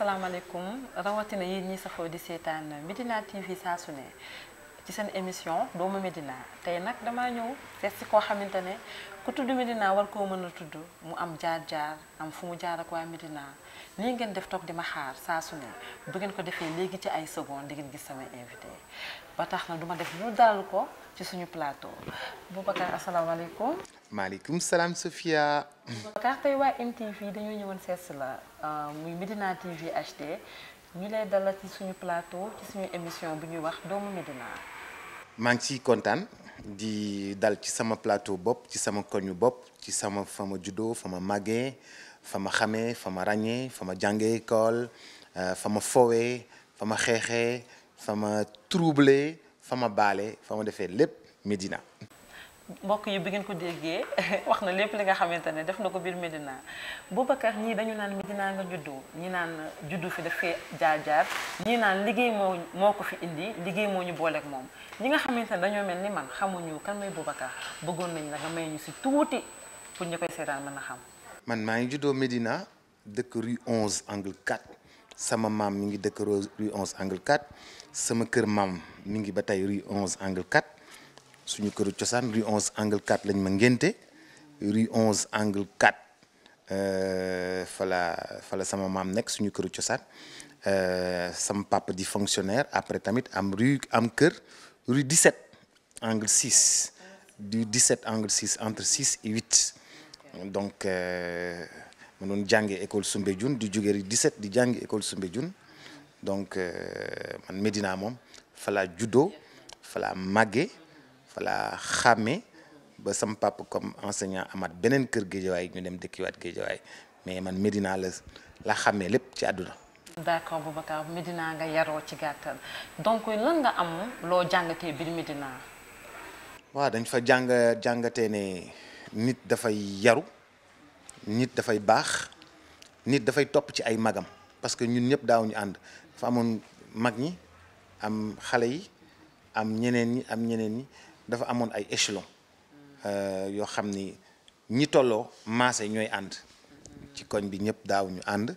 asalaamaaleykum rawatina yéen ñi saxoo di seetaan Médina TV saa su ne ci seen émission doomu Médina tey nag damaa ñëw seet si koo xamante ne ku tudd Médina war koo mën a tudd mu am jaar-jaar am fu mu jaar ak waa Médina lii ngeen def toog di ma xaar saa su ne bu ngeen ko defee léegi ci ay seconde di ngeen gis sama invité ba tax na duma def lu dalal ko ci suñu plateau Boubacar asalaamaaleykum. maaleykum salaam Sofia. Bakar tey waa MTV dañoo ñëwoon sees la muy Medina TV HD ñu lay dalal ci suñu plateau ci suñu émission bu ñuy wax doomu Medina. maa ngi ciy kontaan di dal ci sama plateau bopp ci sama koñu bopp ci sama fa ma juddoo fa ma màggee fa xamee fa ma ràññee fa ma jàngee école fa fa ma xeexee fa ma troublé baale fa ma defee lépp Medina. mbokk yi bi ngeen ko déggee wax na lépp li nga xamante ne def na ko biir Médina Boubacar ñii dañu naan Médina nga juddu ñi naan juddu fi daf fee jaar-jaar ñii naan liggéey moo moo ko fi indi liggéey moo ñu booleek moom ñi nga xamante ne dañoo mel ni man xamuñu kan mooy Boubacar bëggoon nañ la nga may ñu si tuuti pour ñu koy seetaan mën a xam. man maa ngi juddoo Médina dëkk rue 11 angle 4 sama maam mu ngi dëkk rue 11 angle 4 sama kër maam mi ngi ba tey rue 11 angle 4. suñu kër cosaan rue onze angle 4 lañ ma ngénte rue 11 angle 4 euh, fala fala sama maam nekk suñu këru cosaan euh, sama papa di fonctionnaire après tamit am rue am kër rue 17 angle 6 du 17 angle 6 entre 6 et 8 donc euh, ma doon jànge école Soumbédioune di jóge rue 17 di jànge école Soumbédioune donc man Médina moom falaa juddoo falaa màgge laa xàmmee ba sama papa comme enseignant amaat beneen kër géejawaay ñu dem dëkkiwaat géejawaay mais man Médina la la xàmmee lépp ci àdduna. d'accord Boubacar Médina nga yaroo ci gàttal donc lan nga am loo jàngatee biir Médina. waaw dañ fa jàng jàngatee ne nit dafay yaru nit dafay baax nit dafay topp ci ay magam parce que ñun ñëpp daawuñu ànd dafa amoon mag ñi am xale yi am ñeneen ñi am ñeneen ñi. dafa amoon ay échelon euh, yoo xam ni ñi tolloo maase ñooy ànd ci koñ bi ñëpp daaw ñu ànd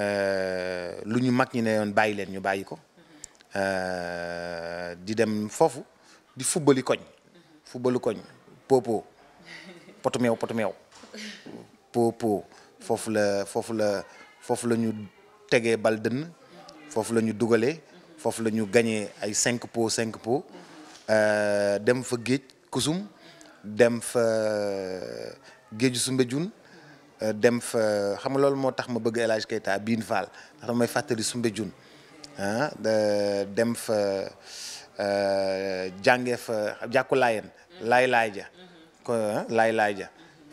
euh, lu ñu mag ñi ne bàyyi leen ñu bàyyi ko euh, di dem foofu di fubbali koñ fubbalu koñ popo potu meew potu popo foofu la foofu la foofu la ñu tegee bal dënn foofu la ñu dugalee foofu la ñu gañee ay cinq pots cinq pots Euh, dem fa géej kusum dem fa euh, géeju Soumbédioune euh, dem fa xam nga loolu moo tax ma bëgg El Hadj Keita biin Fall ndax damay fàttali Soumbédioune ah dem fa jàngee fa jàkku laayen laay laay ja ko ah, laay ja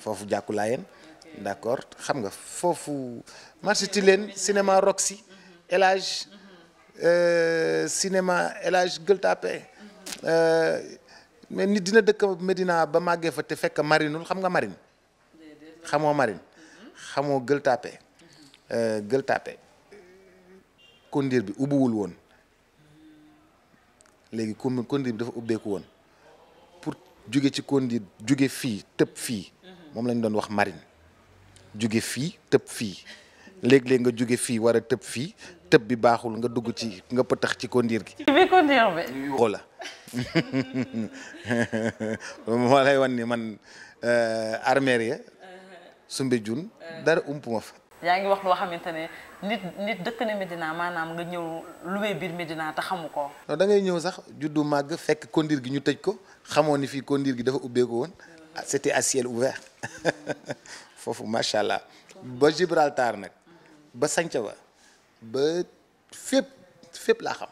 foofu jàkku laayen d'accord xam nga foofu marché Tilène cinéma Roxy El Hadj cinéma El Hadj Euh, mais nit dina dëkk Medina ba màggee fa te fekk marinul xam nga marin xamoo marine mm-hmm. xamoo Gueule Tapée mm-hmm. euh, Gueule kondir bi ubbuwul woon léegi comme bi dafa ubbeeku woon pour jóge ci kondir jóge fii tëb fii mm-hmm. moom lañ doon wax marin jóge fii tëb fii léeg-léeg nga jóge fii war a tëb fii tëb bi baaxul nga dugg ci nga pëtax ci kondiir gi. ci biir kondiir bi. la moo lay wan ni man euh, armeer ya sumbe jun dara umpuma fa. yaa ngi wax loo xamante nit nit dëkk maanaam nga ñëw luwee biir Medina te xamu ko. non ñëw sax juddu màgg fekk kondiir gi ñu tëj ko xamoo ni fii kondiir gi dafa ubbeeku woon ah, c'était à ciel ouvert foofu macha allah ba Gibraltar nag ba Sanca ba. ba fépp fépp laa xam.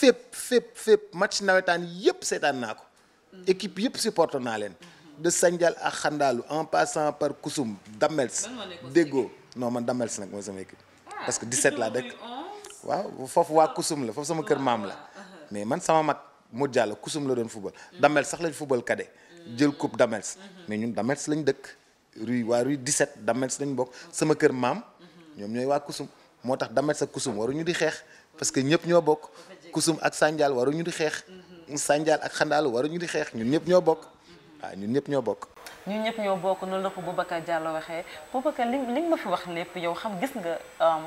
fépp fépp fépp match nawetaan yëpp seetaan naa ko. Mm-hmm. équipe yëpp supporté naa leen. Mm-hmm. de Sandial a Xandaalu en passant par Kousum Damels. Déggoo non man Damels nag mooy sama équipe. Ah, parce que 17 laa dëkk. waaw foofu waa ah. Kousum la foofu sama kër ah, maam la. Uh-huh. mais man sama mag Modou Diallo Kousum la doon football. Mm. Damels sax lañ football cadet. Mm. jël coupe Damels. Mm-hmm. mais ñun Damels lañ dëkk. rue waa rue 17 Damels lañ bokk sama kër maam. ñoom ñooy waa kusum moo tax damet sa kusum waruñu di xeex parce que ñëpp ñoo bokk kusum ak sànjaal waruñu di xeex mhm. sànjaal ak xandaal waruñu di xeex ñun ñëpp ñoo bokk mhm. ñun ñëpp ñoo bokk ñun ñëpp ñoo bokk noonu la ko Boubacar Diallo waxee Boubacar li li ma fi wax lépp yow xam gis nga um,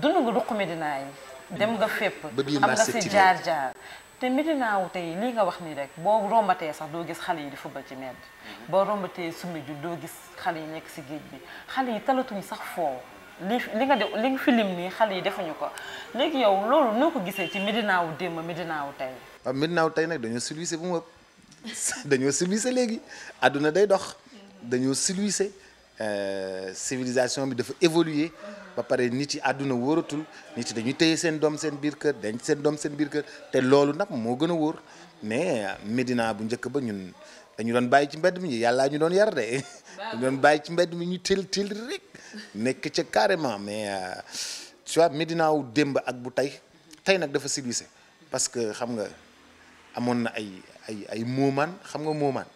dund nga duq Medina dem nga fepp am nga si jaar jaar te Medina wu tey lii nga wax nii rek boo rombatee sax doo gis xale yi di football ci medd mhm. boo rombatee summi ju doo gis xale yi nekk si géej bi xale yi talatuñ sax foo li li nga de li nga filim nii xale yi defuñu ko léegi yow loolu noo ko gisee ci Médina wu démb Médina wu tey. waaw ah, wu tey nag dañoo silice bu mu ëpp dañoo silice léegi àdduna day dox dañoo silice euh, civilisation bi dafa évoluer ba pare nit yi àdduna wóoratul nit yi dañu téye seen doom seen biir kër dañ seen doom seen biir kër te loolu nag moo gën a wóor mais Médina bu njëkk ba ñun dañu doon bàyyi ci mbedd mi yàllaa ñu doon yar de. dañu bàyyi ci mbedd mi ñu til til rek. nekk ca carrément mais euh, tu vois wu démb ak bu tey tey nag dafa civilisé parce que xam nga amoon na ay ay ay moomaan xam nga moomaan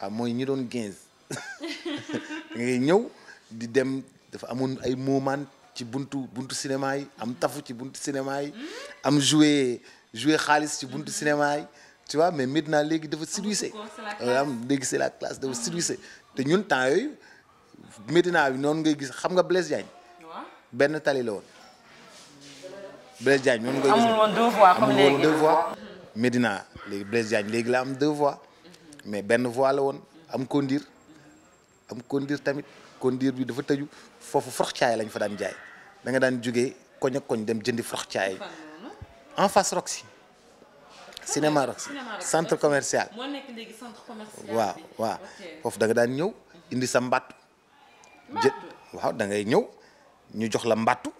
waaw ah, mooy ñi doon quinze ngay ñëw di dem dafa amoon ay moomaan ci buntu buntu cinéma yi am tafu ci buntu cinéma yi hmm. am joué joué xaalis ci buntu hmm. cinéma yi tu vois mais Médina léegi dafa civilisé euh, am léegi c'est la classe dafa civilisé ah. te ñun temps yooyu Médina bi noonu ngay gis xam nga Blaise Diagne. benn tali la woon. Blaise Diagne noonu léegi amul woon léegi la am deux voies. mais benn voie la woon am kondir am kondir tamit kondir bi dafa tëju foofu forox caay lañ fa daan jaay da daan jóge koñ koñ dem jëndi forox caay en face Roxy cinéma Roxy centre commercial. moo nekk léegi centre daan ñëw indi sa mbatt jë waaw dangay ñëw ñu jox la mbàttu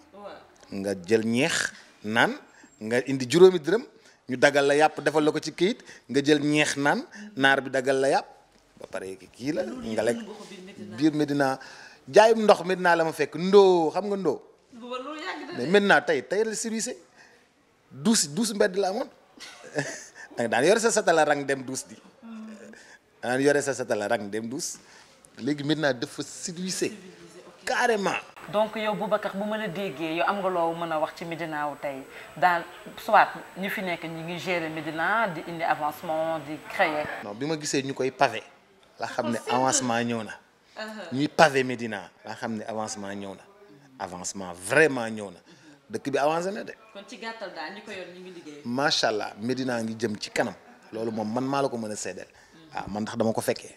nga jël ñeex naan nga indi juróomi dërëm ñu dagal la yàpp defal la ko ci kayit nga jël ñeex naan naar bi dagal la yàpp ba pare kii la nga lekk biir Medina jaayum ndox Medina la ma fekk ndoo xam nga ndoo mais tey tey la service duus duus mbedd la amoon danga daan yore sa satala rang dem duus di hmm. daan yore sa satala rang dem duus léegi maintenant dafa civilisé carrément. donc yow Boubacar bu mën a déggee yow am nga loo mën a wax ci Médina wu tey dans soit ñu fi nekk ñu ngi gérer Médina di indi avancement di créer. bi ma gisee ñu koy pavé la xam ne avancement ñëw na. Uh-huh. ñuy pavé Médina la xam ne avancement ñëw na avancement vraiment ñëw na dëkk bi avancé na de. kon ci gàttal macha allah Médina ngi jëm ci kanam loolu moom man maa la ko mën a seddeel. waaw mm. ah, man ndax dama ko fekkee.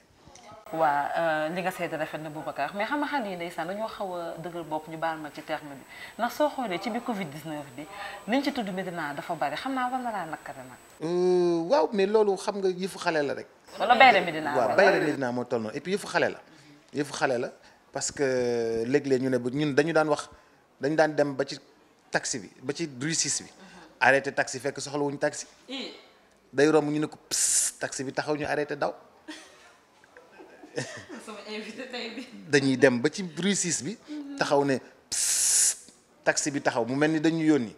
waa li euh, nga seeta rafet na Boubacar mais xam nga xale yi ndeysaan dañoo xaw a dëgër bopp ñu baal ma ci terme ndax soo xoolee ci bi Covid 19 bi liñ ci tudd Medina dafa bari xam naa war na laa nag. Euh, waaw mais loolu xam nga yëfu xale la rek. wala bayre Medina waaw moo toll noonu et puis yëfu xale la. yëfu xale la parce que léeg-léeg ñu ne ñun dañu daan wax dañu daan dem ba ci taxi bi ba ci rue bi. Mhm. arrêté taxi fekk soxla wuñu taxi. day romb ñu ne ko pss taxi bi taxaw ñu arrêté daw. dañuy dem ba ci rue bi taxaw ne taxi bi taxaw mu mel ni dañu yónni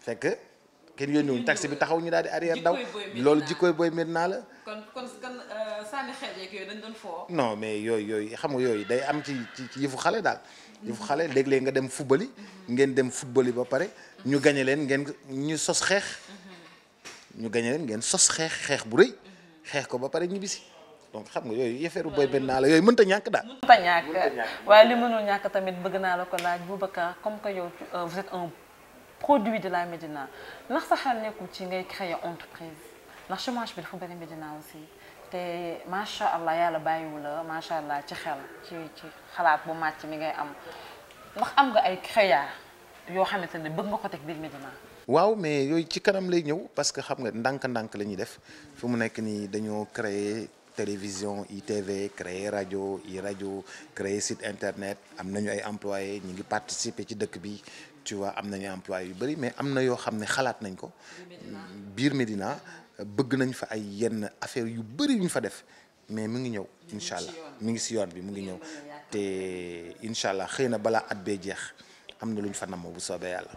fekk kenn yónni wuñ taxi bi taxaw ñu daal di arrière daw loolu jikkooy booy Medina la. kon euh, foo. non mais yooyu yooyu xam nga yooyu day am ci ci yëfu xale daal. yëfu xale léeg-léeg nga dem football ngeen dem football ba pare ñu gañe leen ngeen ñu sos xeex. Mhm. ñu gañe leen ngeen sos xeex xeex bu rëy. xeex ko ba pare ñibbisi. donc xam nga yooyu yëfeeru boy benn naa yooy yooyu mënta ñàkk daal. mënta ñàkk waaye li mënul ñàkk tamit bëgg naa la ko laaj Boubacar comme que yow euh, vous êtes un produit de la Médina ndax sa xel nekkul ci ngay créer entreprise ndax chômage bi dafa bëri Médina te macha allah yàlla bàyyiwu la macha allah ci xel xalaat bu màcc mi ngay am ndax am nga ay créa yoo xamante ne bëgg nga ko teg biir Médina. waaw mais yooyu ci kanam lay ñëw parce que xam nga ndànk-ndànk la def fi mu nekk nii dañoo créer. télévision ITV créer rajo i rajo créer site internet am nañu ay employés ñu ngi participer ci dëkk bi tu vois am nañu employés yu bëri mais am na yoo xam ne xalaat nañ ko biir Médina bëgg nañ fa ay yenn affaires yu bëri ñu fa def mais mu ngi ñëw incha allah mu ngi si yoon bi mu ngi ñëw te incha allah xëy na balaa at bee jeex am na lu ñu fa namm bu soobee yàlla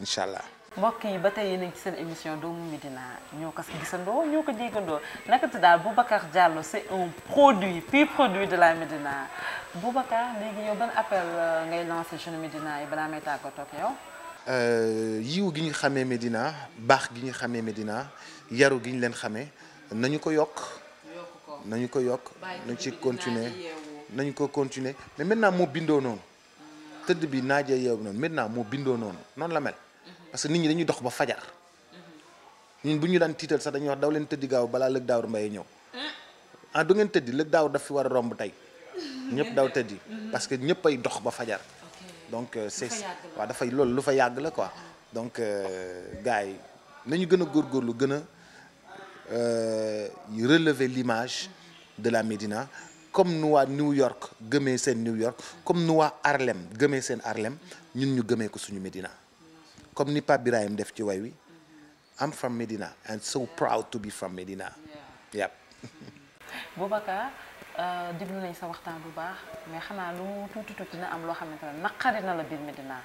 incha allah. mbokk yi ba tey yéen a ci seen émission doomu Médina ñoo ko gisandoo ñoo ko jéegandoo naka daal Boubacar Diallo c'est un produit puis produit de la Médina Boubacar léegi yow ban appel euh, ngay lancé jeune Médina yi balaa may tàggatoo ak yow. Euh, yiw gi ñu xamee Médina baax gi ñu xamee Médina yaru gi ñu leen xamee nañu ko yokk. nañu ko yokk nañ ci continuer nañu ko continuer mais maintenant moo bindoo noonu tëdd bi jee yeewu noonu maintenant moo bindoo noonu noonu la mel. parce que nit ñi dañuy dox ba fajar ñun bu ñu daan tiital sax dañuy wax daw leen tëddi gaaw balaa lëg daawur mbay ñëw ah du ngeen tëddi lëg daawur daf fi war a romb tey ñëpp daw tëddi parce que ñëpp ay dox ba fajar donc euh, c'est waa dafay loolu lu fa yàgg la quoi donc euh, gars yi nañu gën a lu gën a euh, relever l'image de la Médina comme nu waa New York gëmee seen New York comme nu waa Harlem gëmee seen Harlem ñun ñu gëmee ko suñu Médina comme ni Pape Birahim def ci way wi am from Medina and so proud to be from Medina yep Boubacar euh, déglu nañ sa waxtaan bu baax mais xanaa lu tuuti tuuti na am loo xamante ne naqari na la biir Medina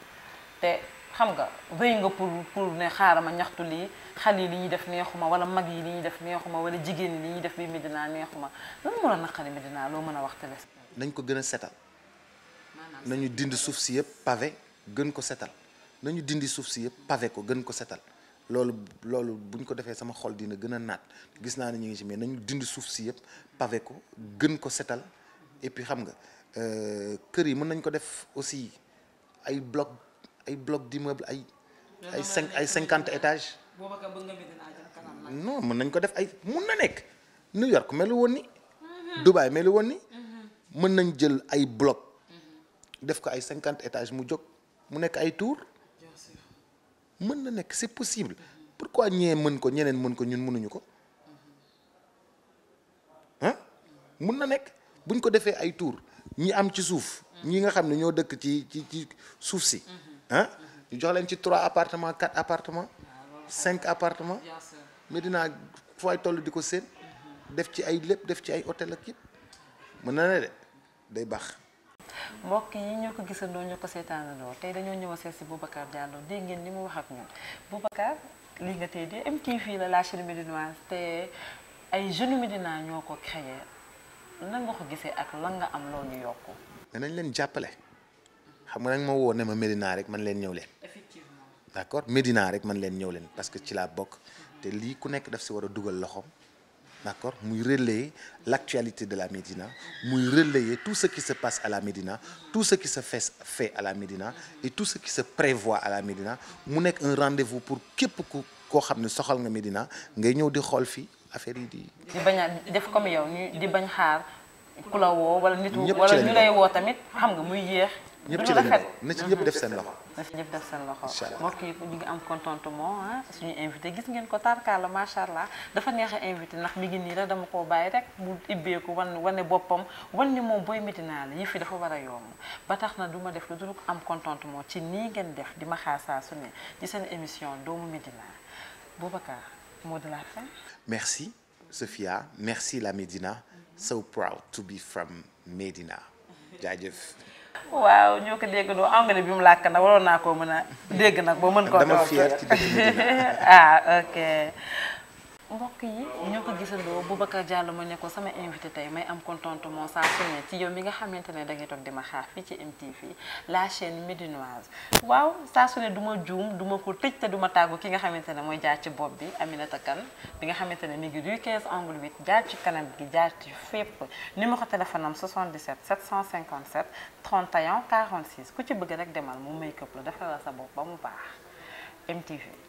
te xam nga wéy nga pour pour ne xaaral ma ñaxtu lii xale yi li ñuy def neexuma wala mag yi li ñuy def neexuma wala jigéen yi li ñuy def biir Medina neexuma lan moo la naqari Medina loo mën a wax te les nañ ko gën a setal nañu dind suuf si yëpp pavé gën ko setal nañu dindi suuf si yëpp pavé ko gën ko setal loolu loolu buñ ko defee sama xol dina gën a naat gis naa ne ñu ngi ci mais nañu dindi suuf si yëpp pavé ko gën ko setal et xam nga euh, kër yi mën nañ ko def aussi ay bloc ay bloc d'immeuble ay ay cinq ay cinquante étages mën nañ ko def ay mun na nekk New York melu woon ni mhm. Dubaï melu woon ni mhm. mën nañ jël ay bloc mhm. def ko ay cinquante étage mu jóg mu nekk ay tour mën na nekk c'est possible pourquoi ñee mën ko ñeneen mën ko ñun mënuñu ko ah mën na nekk buñ ko defee ay tour ñi am ci suuf ñi nga xam ne ñoo dëkk ci ci ci suuf si ah ñu jox leen ci trois appartements quatre appartements cinq appartements mais dinaa fooy toll di ko seen def ci ay lépp def ci ay hôtel ak yëpp mën na ne de day baax mbokk yi ñoo ko gisandoo ñoo ko seetaanandoo tey dañoo ñëw a seet si Boubacar Diallo dégg ngeen li mu wax ak ñun Boubacar li nga tey de MTV la la chaîne médinoise te ay jeunes Médina ñoo ko créé nan nga ko gisee ak lan nga am loo ñu yokku. danañ leen jàppale xam nga nag ma woon ne ma Médina rek man leen ñëw leen. effectivement d' accord Médina rek man leen ñëw leen parce que ci laa bokk te lii ku nekk daf si war a dugal loxoom. d'accord muy relayer l'actualité de la Médina muy relayer tout ce qui se passe à la Médina tout ce qui se fait à la Médina et tout ce qui se prévoit à la Médina mu nekk un rendez-vous pour képp ku koo xam ne soxal nga Médina ngay ñëw di xool fii affaire yi di. di bañ a def comme yow ñu di bañ xaar ku la woo wala nit wala ñu lay woo tamit xam nga muy yéex. ñëpp ci lañu na ci ñëpp def seen loxo na ci def seen loxo ñu ngi am contentement ah suñu invité gis ngeen ko tarkaala macha allah dafa neex invité ndax mi ngi nii la dama koo bàyyi rek mu ibbeeku wan wane boppam wan ni moom booy Médina la yëf yi dafa war a yomb ba tax na du ma def lu dul am contentement ci nii ngeen def di ma xaar saa su ne ci seen émission doomu Médina Boubacar mot de la fin merci Sophia merci la Médina so proud to be from Médina waaw ñoo ko dégg doo anglais bi mu làkk nag waroon naa koo mën a dégg nag ba mën koo. dama fier ci dëkk ah mbokk yi ñoo ko gisandoo bu Boubacar Diallo ma ne ko sama invité tey may am contentement saa su ci yow mi nga xamante ne da ngay toog di ma xaar fii ci MTV la chaîne médinoise waaw saa su ne du ma juum du ma ko tëj te du ma ki nga xamante ne mooy jaar ci bopp bi Aminata Kane bi nga xamante ne mi ngi rue 15 angle 8 jaar ci kanam gi jaar ci fépp numéro téléphone am 77 757 31 46 ku ci bëgg rek demal mu make up la defaral sa bopp ba mu baax MTV.